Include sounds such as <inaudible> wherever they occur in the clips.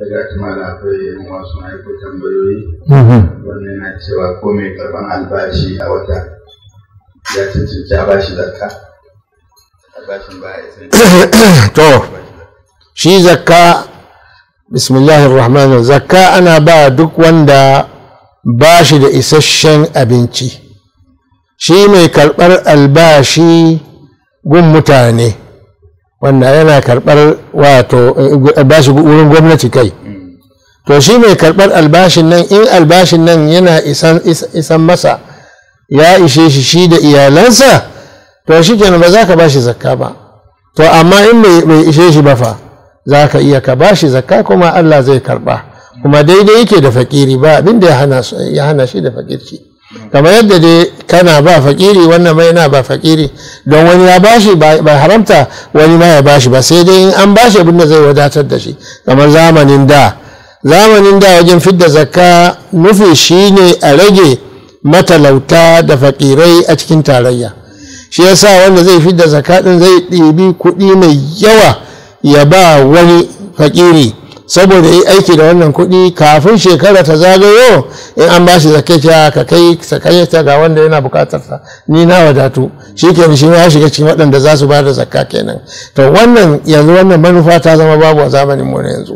ga kamala akwai yan wasu aiko tambayoyi mhm. wannan yana cewa ko mai karban albashi a wata ya cancanci a bashi zakka albashin ba ya san <coughs> to shi zakka bismillahir rahmanir zakka ana ba duk wanda ba shi da isasshen abinci shi mai karɓar albashi gun mutane wannan yana karɓar wato albashi eh, wurin gwamnati kai to shi mai karɓar albashin nan in albashin nan yana isan masa ya ishe shi shi da iyalansa to shi kenan ba za ka bashi zakka ba to amma in bai ishe shi ba fa za ka iya ka bashi zakka kuma Allah zai karɓa kuma daidai yake da fakiri ba abinda ya hana shi da fakirci kamar yadda dai kana ba fakiri wannan mai yana ba fakiri don wani ya bashi ba haramta wani ma ya bashi ba sai dai in an bashi abin da zai wadatar da shi kamar zamanin da zamanin da wajen fidda zakka nufi shine a rage matalauta da fakirai a cikin tarayya shi yasa wanda zai fidda zakka din zai ɗibi kuɗi mai yawa ya ba wani fakiri saboda yi aiki da wannan kuɗi kafin shekara ta zagayo in an ba shi zakaita ah, ka kai zakaita ga wanda yana bukatar ta ni na wadatu shi kenan shi ya shiga cikin waɗanda za su ba da zakka kenan to wannan yanzu wannan manufa ta zama babu a zamanin mu yanzu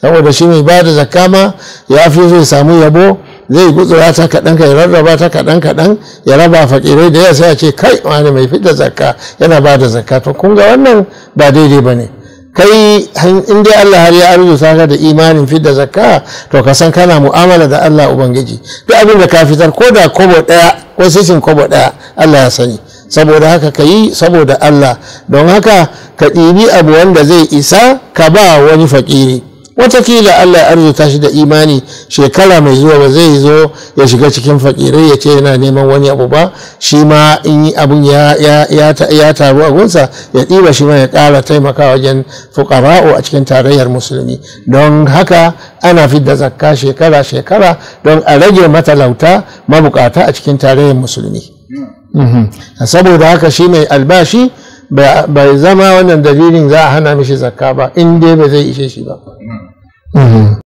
saboda shi mai ba da zakka ma ya fi zai samu yabo zai gutsura ta kaɗan ya rarraba ta kaɗan kaɗan ya raba fakirai da ya sai ce kai wani mai fitar zakka yana ba da zakka to kun ga wannan ba daidai ba ne kai in dai Allah har ya arzu saka da imanin fidda zakka to ka san kana mu'amala da Allah ubangiji duk abin da ka fitar ko da kobo daya ko sisin kobo daya Allah ya sani saboda haka ka yi saboda Allah don haka ka ɗibi abu wanda zai isa ka ba wani fakiri watakila Allah ya arzuta shi da imani shekara mai zuwa ba zai zo ya shiga cikin fakirai ya ce yana neman wani abu ba shi ma in abun ya taru a gunsa ya ɗiba shi ma ya ƙara taimaka wajen fukara'u a cikin tarayyar musulmi don haka ana fidda zakka shekara shekara don a rage matalauta mabukata a cikin tarayyar musulmi mhm. saboda haka shi mai albashi bai zama wannan dalilin za a hana mishi zakka ba in dai ba zai ishe shi ba mm. Mm-hmm.